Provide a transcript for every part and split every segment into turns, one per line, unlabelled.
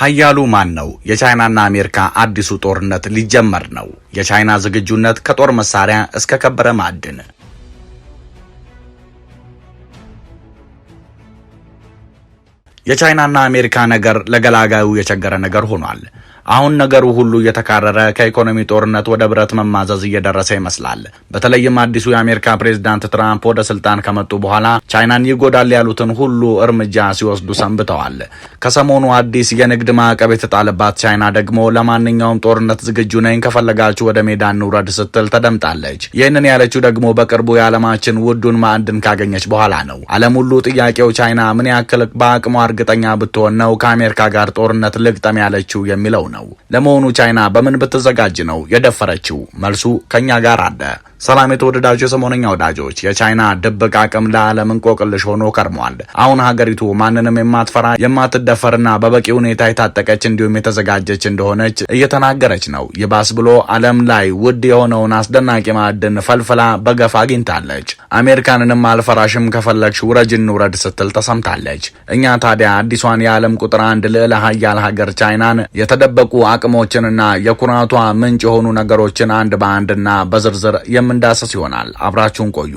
ሀያሉ ማን ነው? የቻይናና አሜሪካ አዲሱ ጦርነት ሊጀመር ነው። የቻይና ዝግጁነት ከጦር መሳሪያ እስከ ከበረ ማዕድን። የቻይናና አሜሪካ ነገር ለገላጋዩ የቸገረ ነገር ሆኗል። አሁን ነገሩ ሁሉ እየተካረረ ከኢኮኖሚ ጦርነት ወደ ብረት መማዘዝ እየደረሰ ይመስላል። በተለይም አዲሱ የአሜሪካ ፕሬዝዳንት ትራምፕ ወደ ስልጣን ከመጡ በኋላ ቻይናን ይጎዳል ያሉትን ሁሉ እርምጃ ሲወስዱ ሰንብተዋል። ከሰሞኑ አዲስ የንግድ ማዕቀብ የተጣለባት ቻይና ደግሞ ለማንኛውም ጦርነት ዝግጁ ነኝ፣ ከፈለጋችሁ ወደ ሜዳ እንውረድ ስትል ተደምጣለች። ይህንን ያለችው ደግሞ በቅርቡ የዓለማችን ውዱን ማዕድን ካገኘች በኋላ ነው። ዓለም ሁሉ ጥያቄው ቻይና ምን ያክል በአቅሟ እርግጠኛ ብትሆን ነው ከአሜሪካ ጋር ጦርነት ልግጠም ያለችው የሚለው ነው። ነው። ለመሆኑ ቻይና በምን ብትዘጋጅ ነው የደፈረችው? መልሱ ከኛ ጋር አለ። ሰላም የተወደዳችሁ የሰሞነኛ ወዳጆች፣ የቻይና ድብቅ አቅም ለዓለም እንቆቅልሽ ሆኖ ቀርሟል። አሁን ሀገሪቱ ማንንም የማትፈራ የማትደፈርና በበቂ ሁኔታ የታጠቀች እንዲሁም የተዘጋጀች እንደሆነች እየተናገረች ነው። ይባስ ብሎ ዓለም ላይ ውድ የሆነውን አስደናቂ ማዕድን ፈልፍላ በገፋ አግኝታለች። አሜሪካንንም አልፈራሽም ከፈለግሽ ውረጅን ውረድ ስትል ተሰምታለች። እኛ ታዲያ አዲሷን የዓለም ቁጥር አንድ ልዕለ ሀያል ሀገር ቻይናን የተደበቁ አቅሞችንና የኩራቷ ምንጭ የሆኑ ነገሮችን አንድ በአንድና በዝርዝር የምንዳሰስ ይሆናል። አብራችሁን ቆዩ።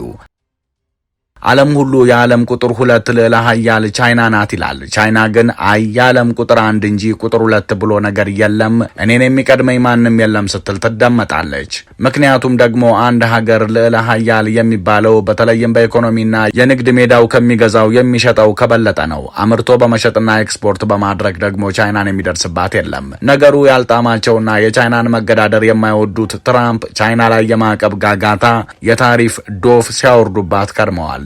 ዓለም ሁሉ የዓለም ቁጥር ሁለት ልዕለ ሀያል ቻይና ናት ይላል። ቻይና ግን አይ የዓለም ቁጥር አንድ እንጂ ቁጥር ሁለት ብሎ ነገር የለም፣ እኔን የሚቀድመኝ ማንም የለም ስትል ትደመጣለች። ምክንያቱም ደግሞ አንድ ሀገር ልዕለ ሀያል የሚባለው በተለይም በኢኮኖሚና የንግድ ሜዳው ከሚገዛው የሚሸጠው ከበለጠ ነው። አምርቶ በመሸጥና ኤክስፖርት በማድረግ ደግሞ ቻይናን የሚደርስባት የለም። ነገሩ ያልጣማቸውና የቻይናን መገዳደር የማይወዱት ትራምፕ ቻይና ላይ የማዕቀብ ጋጋታ፣ የታሪፍ ዶፍ ሲያወርዱባት ከርመዋል።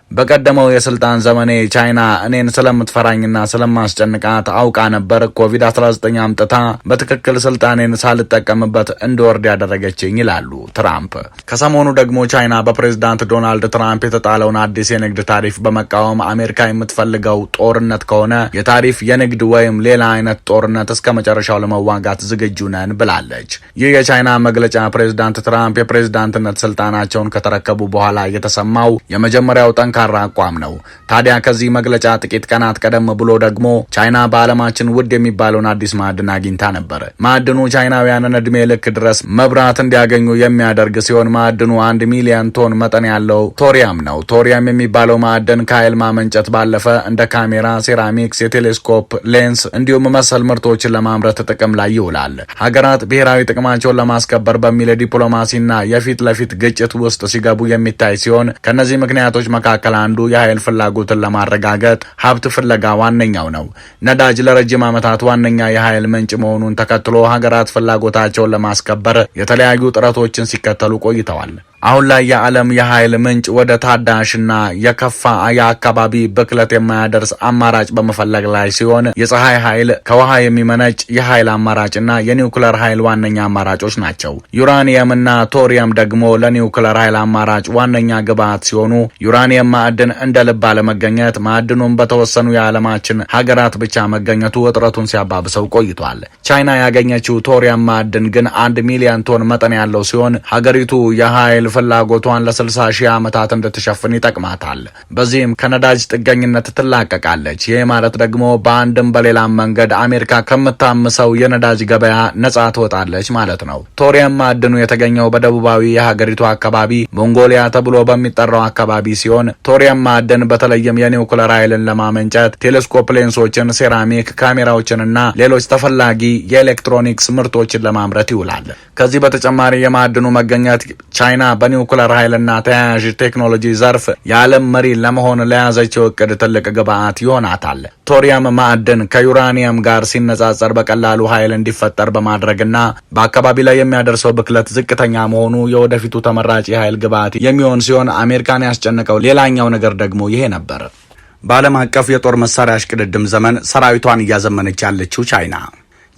በቀደመው የስልጣን ዘመኔ ቻይና እኔን ስለምትፈራኝና ስለማስጨንቃት አውቃ ነበር ኮቪድ-19 አምጥታ በትክክል ስልጣኔን ሳልጠቀምበት እንድወርድ ያደረገችኝ ይላሉ ትራምፕ። ከሰሞኑ ደግሞ ቻይና በፕሬዝዳንት ዶናልድ ትራምፕ የተጣለውን አዲስ የንግድ ታሪፍ በመቃወም አሜሪካ የምትፈልገው ጦርነት ከሆነ የታሪፍ የንግድ ወይም ሌላ አይነት ጦርነት እስከ መጨረሻው ለመዋጋት ዝግጁ ነን ብላለች። ይህ የቻይና መግለጫ ፕሬዝዳንት ትራምፕ የፕሬዝዳንትነት ስልጣናቸውን ከተረከቡ በኋላ የተሰማው የመጀመሪያው ጠንካ ጠንካራ አቋም ነው። ታዲያ ከዚህ መግለጫ ጥቂት ቀናት ቀደም ብሎ ደግሞ ቻይና በዓለማችን ውድ የሚባለውን አዲስ ማዕድን አግኝታ ነበር። ማዕድኑ ቻይናውያንን እድሜ ልክ ድረስ መብራት እንዲያገኙ የሚያደርግ ሲሆን ማዕድኑ አንድ ሚሊዮን ቶን መጠን ያለው ቶሪያም ነው። ቶሪያም የሚባለው ማዕድን ከኃይል ማመንጨት ባለፈ እንደ ካሜራ፣ ሴራሚክስ፣ የቴሌስኮፕ ሌንስ እንዲሁም መሰል ምርቶችን ለማምረት ጥቅም ላይ ይውላል። ሀገራት ብሔራዊ ጥቅማቸውን ለማስከበር በሚል የዲፕሎማሲና የፊት ለፊት ግጭት ውስጥ ሲገቡ የሚታይ ሲሆን ከእነዚህ ምክንያቶች መካከል መካከል አንዱ የኃይል ፍላጎትን ለማረጋገጥ ሀብት ፍለጋ ዋነኛው ነው። ነዳጅ ለረጅም ዓመታት ዋነኛ የኃይል ምንጭ መሆኑን ተከትሎ ሀገራት ፍላጎታቸውን ለማስከበር የተለያዩ ጥረቶችን ሲከተሉ ቆይተዋል። አሁን ላይ የዓለም የኃይል ምንጭ ወደ ታዳሽና የከፋ የአካባቢ ብክለት የማያደርስ አማራጭ በመፈለግ ላይ ሲሆን የፀሐይ ኃይል፣ ከውሃ የሚመነጭ የኃይል አማራጭና የኒውክለር ኃይል ዋነኛ አማራጮች ናቸው። ዩራኒየምና ቶሪየም ደግሞ ለኒውክለር ኃይል አማራጭ ዋነኛ ግብዓት ሲሆኑ ዩራኒየም ማዕድን እንደ ልብ አለመገኘት፣ ማዕድኑም በተወሰኑ የዓለማችን ሀገራት ብቻ መገኘቱ እጥረቱን ሲያባብሰው ቆይቷል። ቻይና ያገኘችው ቶሪየም ማዕድን ግን አንድ ሚሊዮን ቶን መጠን ያለው ሲሆን ሀገሪቱ የኃይል ፍላጎቷን ለ60 ሺህ ዓመታት እንድትሸፍን ይጠቅማታል። በዚህም ከነዳጅ ጥገኝነት ትላቀቃለች። ይህ ማለት ደግሞ በአንድም በሌላም መንገድ አሜሪካ ከምታምሰው የነዳጅ ገበያ ነጻ ትወጣለች ማለት ነው። ቶሪየም ማዕድኑ የተገኘው በደቡባዊ የሀገሪቱ አካባቢ ሞንጎሊያ ተብሎ በሚጠራው አካባቢ ሲሆን ቶሪየም ማዕድን በተለይም የኒውክለር ኃይልን ለማመንጨት ቴሌስኮፕ ሌንሶችን፣ ሴራሚክ ካሜራዎችንና ሌሎች ተፈላጊ የኤሌክትሮኒክስ ምርቶችን ለማምረት ይውላል። ከዚህ በተጨማሪ የማዕድኑ መገኘት ቻይና በኒውክለር ኃይልና ተያያዥ ቴክኖሎጂ ዘርፍ የዓለም መሪ ለመሆን ለያዘችው እቅድ ትልቅ ግብዓት ይሆናታል። ቶሪያም ማዕድን ከዩራኒየም ጋር ሲነጻጸር በቀላሉ ኃይል እንዲፈጠር በማድረግና በአካባቢ ላይ የሚያደርሰው ብክለት ዝቅተኛ መሆኑ የወደፊቱ ተመራጭ የኃይል ግብዓት የሚሆን ሲሆን አሜሪካን ያስጨነቀው ሌላኛው ነገር ደግሞ ይሄ ነበር። በዓለም አቀፍ የጦር መሳሪያ እሽቅድድም ዘመን ሰራዊቷን እያዘመነች ያለችው ቻይና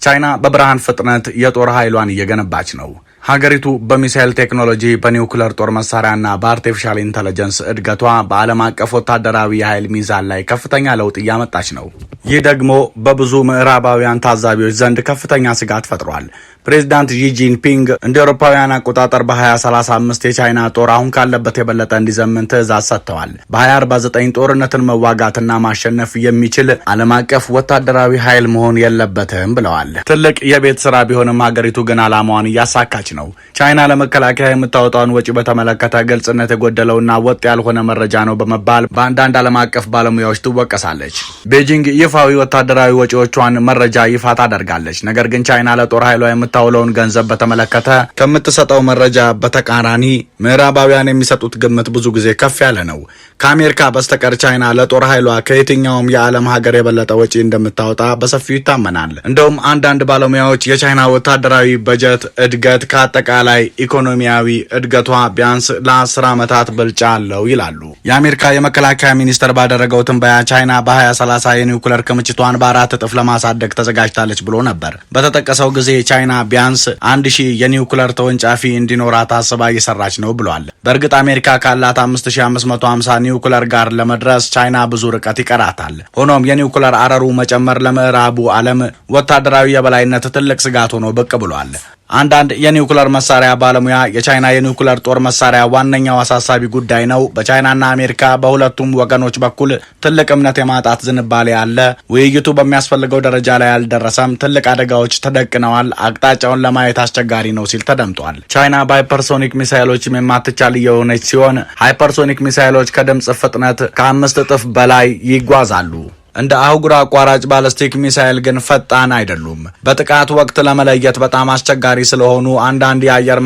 ቻይና በብርሃን ፍጥነት የጦር ኃይሏን እየገነባች ነው። ሀገሪቱ በሚሳይል ቴክኖሎጂ በኒውክለር ጦር መሳሪያና በአርቲፊሻል ኢንተለጀንስ እድገቷ በዓለም አቀፍ ወታደራዊ የኃይል ሚዛን ላይ ከፍተኛ ለውጥ እያመጣች ነው። ይህ ደግሞ በብዙ ምዕራባውያን ታዛቢዎች ዘንድ ከፍተኛ ስጋት ፈጥሯል። ፕሬዚዳንት ዢ ጂንፒንግ እንደ አውሮፓውያን አቆጣጠር በ2035 የቻይና ጦር አሁን ካለበት የበለጠ እንዲዘምን ትዕዛዝ ሰጥተዋል። በ2049 ጦርነትን መዋጋትና ማሸነፍ የሚችል ዓለም አቀፍ ወታደራዊ ኃይል መሆን የለበትም ብለዋል። ትልቅ የቤት ስራ ቢሆንም ሀገሪቱ ግን ዓላማዋን እያሳካች ነው። ቻይና ለመከላከያ የምታወጣውን ወጪ በተመለከተ ግልጽነት የጎደለውና ወጥ ያልሆነ መረጃ ነው በመባል በአንዳንድ ዓለም አቀፍ ባለሙያዎች ትወቀሳለች። ቤጂንግ ይፋዊ ወታደራዊ ወጪዎቿን መረጃ ይፋ ታደርጋለች። ነገር ግን ቻይና ለጦር ኃይሏ የምታውለውን ገንዘብ በተመለከተ ከምትሰጠው መረጃ በተቃራኒ ምዕራባውያን የሚሰጡት ግምት ብዙ ጊዜ ከፍ ያለ ነው። ከአሜሪካ በስተቀር ቻይና ለጦር ኃይሏ ከየትኛውም የዓለም ሀገር የበለጠ ወጪ እንደምታወጣ በሰፊው ይታመናል። እንደውም አንዳንድ ባለሙያዎች የቻይና ወታደራዊ በጀት እድገት ከአጠቃላይ ኢኮኖሚያዊ እድገቷ ቢያንስ ለአስር ዓመታት ብልጫ አለው ይላሉ። የአሜሪካ የመከላከያ ሚኒስቴር ባደረገው ትንበያ ቻይና በ2030 የኒውክለር ክምችቷን በአራት እጥፍ ለማሳደግ ተዘጋጅታለች ብሎ ነበር። በተጠቀሰው ጊዜ ቻይና ቢያንስ አንድ ሺህ የኒውክለር ተወንጫፊ እንዲኖራ ታስባ እየሰራች ነው ብሏል። በእርግጥ አሜሪካ ካላት 5550 ኒውክለር ጋር ለመድረስ ቻይና ብዙ ርቀት ይቀራታል። ሆኖም የኒውክለር አረሩ መጨመር ለምዕራቡ ዓለም ወታደራዊ የበላይነት ትልቅ ስጋት ሆኖ ብቅ ብሏል። አንዳንድ የኒውክለር መሳሪያ ባለሙያ የቻይና የኒውክለር ጦር መሳሪያ ዋነኛው አሳሳቢ ጉዳይ ነው፣ በቻይናና አሜሪካ በሁለቱም ወገኖች በኩል ትልቅ እምነት የማጣት ዝንባሌ አለ፣ ውይይቱ በሚያስፈልገው ደረጃ ላይ አልደረሰም፣ ትልቅ አደጋዎች ተደቅነዋል፣ አቅጣጫውን ለማየት አስቸጋሪ ነው ሲል ተደምጧል። ቻይና በሃይፐርሶኒክ ሚሳይሎችም የማትቻል እየሆነች ሲሆን ሃይፐርሶኒክ ሚሳይሎች ከድምፅ ፍጥነት ከአምስት እጥፍ በላይ ይጓዛሉ። እንደ አህጉር አቋራጭ ባለስቲክ ሚሳይል ግን ፈጣን አይደሉም። በጥቃት ወቅት ለመለየት በጣም አስቸጋሪ ስለሆኑ አንዳንድ የአየር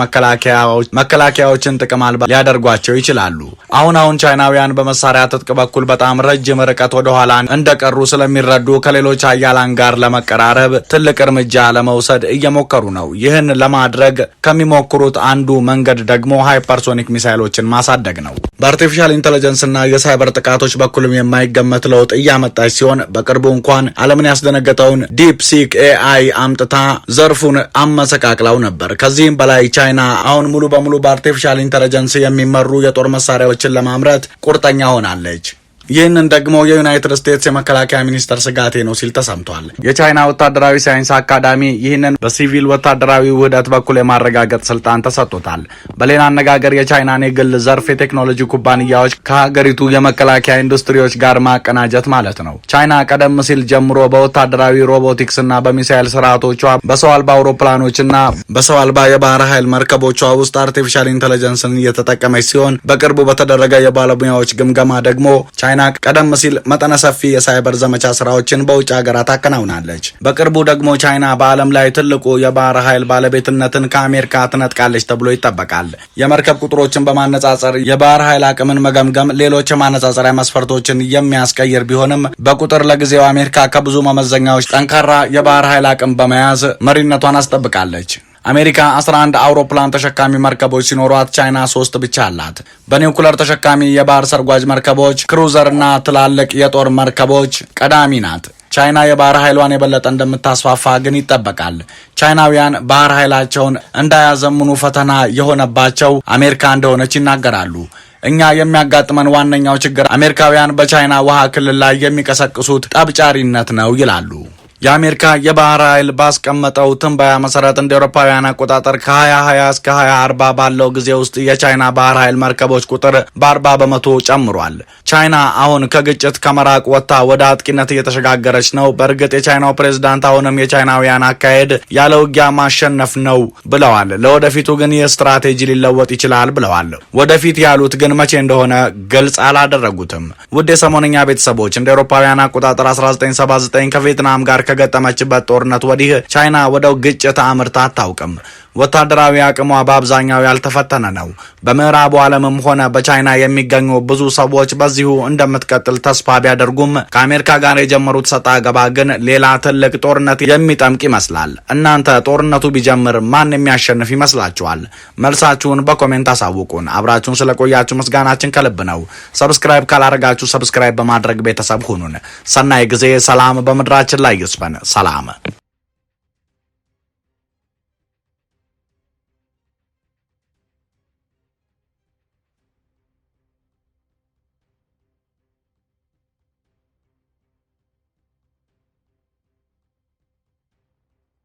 መከላከያዎችን ጥቅም አልባ ሊያደርጓቸው ይችላሉ። አሁን አሁን ቻይናውያን በመሳሪያ ትጥቅ በኩል በጣም ረጅም ርቀት ወደኋላ እንደቀሩ ስለሚረዱ ከሌሎች አያላን ጋር ለመቀራረብ ትልቅ እርምጃ ለመውሰድ እየሞከሩ ነው። ይህን ለማድረግ ከሚሞክሩት አንዱ መንገድ ደግሞ ሃይፐርሶኒክ ሚሳይሎችን ማሳደግ ነው። በአርቲፊሻል ኢንቴሊጀንስና የሳይበር ጥቃቶች በኩልም የማይገመት ለውጥ እያመጣች ሲሆን በቅርቡ እንኳን ዓለምን ያስደነገጠውን ዲፕሲክ ኤአይ አምጥታ ዘርፉን አመሰቃቅለው ነበር። ከዚህም በላይ ቻይና አሁን ሙሉ በሙሉ በአርቲፊሻል ኢንተለጀንስ የሚመሩ የጦር መሳሪያዎችን ለማምረት ቁርጠኛ ሆናለች። ይህንን ደግሞ የዩናይትድ ስቴትስ የመከላከያ ሚኒስቴር ስጋቴ ነው ሲል ተሰምቷል። የቻይና ወታደራዊ ሳይንስ አካዳሚ ይህንን በሲቪል ወታደራዊ ውህደት በኩል የማረጋገጥ ስልጣን ተሰጥቶታል። በሌላ አነጋገር የቻይናን የግል ዘርፍ የቴክኖሎጂ ኩባንያዎች ከሀገሪቱ የመከላከያ ኢንዱስትሪዎች ጋር ማቀናጀት ማለት ነው። ቻይና ቀደም ሲል ጀምሮ በወታደራዊ ሮቦቲክስና በሚሳይል ስርዓቶቿ በሰው አልባ አውሮፕላኖችና በሰው አልባ የባህር ኃይል መርከቦቿ ውስጥ አርቲፊሻል ኢንቴሊጀንስን እየተጠቀመች ሲሆን በቅርቡ በተደረገ የባለሙያዎች ግምገማ ደግሞ ቻይና ቻይና ቀደም ሲል መጠነ ሰፊ የሳይበር ዘመቻ ስራዎችን በውጭ ሀገራት አከናውናለች። በቅርቡ ደግሞ ቻይና በዓለም ላይ ትልቁ የባህር ኃይል ባለቤትነትን ከአሜሪካ ትነጥቃለች ተብሎ ይጠበቃል። የመርከብ ቁጥሮችን በማነጻጸር የባህር ኃይል አቅምን መገምገም ሌሎች የማነጻጸሪያ መስፈርቶችን የሚያስቀይር ቢሆንም በቁጥር ለጊዜው አሜሪካ ከብዙ መመዘኛዎች ጠንካራ የባህር ኃይል አቅም በመያዝ መሪነቷን አስጠብቃለች። አሜሪካ 11 አውሮፕላን ተሸካሚ መርከቦች ሲኖሯት ቻይና ሶስት ብቻ አላት። በኒውክለር ተሸካሚ የባህር ሰርጓጅ መርከቦች፣ ክሩዘር እና ትላልቅ የጦር መርከቦች ቀዳሚ ናት። ቻይና የባህር ኃይሏን የበለጠ እንደምታስፋፋ ግን ይጠበቃል። ቻይናውያን ባህር ኃይላቸውን እንዳያዘምኑ ፈተና የሆነባቸው አሜሪካ እንደሆነች ይናገራሉ። እኛ የሚያጋጥመን ዋነኛው ችግር አሜሪካውያን በቻይና ውሃ ክልል ላይ የሚቀሰቅሱት ጠብጫሪነት ነው ይላሉ። የአሜሪካ የባህር ኃይል ባስቀመጠው ትንበያ መሰረት እንደ አውሮፓውያን አቆጣጠር ከ2020 እስከ 2040 ባለው ጊዜ ውስጥ የቻይና ባህር ኃይል መርከቦች ቁጥር በ40 በመቶ ጨምሯል። ቻይና አሁን ከግጭት ከመራቅ ወጥታ ወደ አጥቂነት እየተሸጋገረች ነው። በእርግጥ የቻይናው ፕሬዝዳንት አሁንም የቻይናውያን አካሄድ ያለ ውጊያ ማሸነፍ ነው ብለዋል። ለወደፊቱ ግን ይህ ስትራቴጂ ሊለወጥ ይችላል ብለዋል። ወደፊት ያሉት ግን መቼ እንደሆነ ግልጽ አላደረጉትም። ውድ የሰሞነኛ ቤተሰቦች እንደ አውሮፓውያን አቆጣጠር 1979 ከቪየትናም ጋር ከገጠመችበት ጦርነት ወዲህ ቻይና ወደው ግጭት አምርታ አታውቅም። ወታደራዊ አቅሟ በአብዛኛው ያልተፈተነ ነው። በምዕራቡ ዓለምም ሆነ በቻይና የሚገኙ ብዙ ሰዎች በዚሁ እንደምትቀጥል ተስፋ ቢያደርጉም ከአሜሪካ ጋር የጀመሩት ሰጣ ገባ ግን ሌላ ትልቅ ጦርነት የሚጠምቅ ይመስላል። እናንተ ጦርነቱ ቢጀምር ማን የሚያሸንፍ ይመስላችኋል? መልሳችሁን በኮሜንት አሳውቁን። አብራችሁን ስለቆያችሁ ምስጋናችን ከልብ ነው። ሰብስክራይብ ካላረጋችሁ ሰብስክራይብ በማድረግ ቤተሰብ ሁኑን። ሰናይ ጊዜ። ሰላም በምድራችን ላይ ይስፈን። ሰላም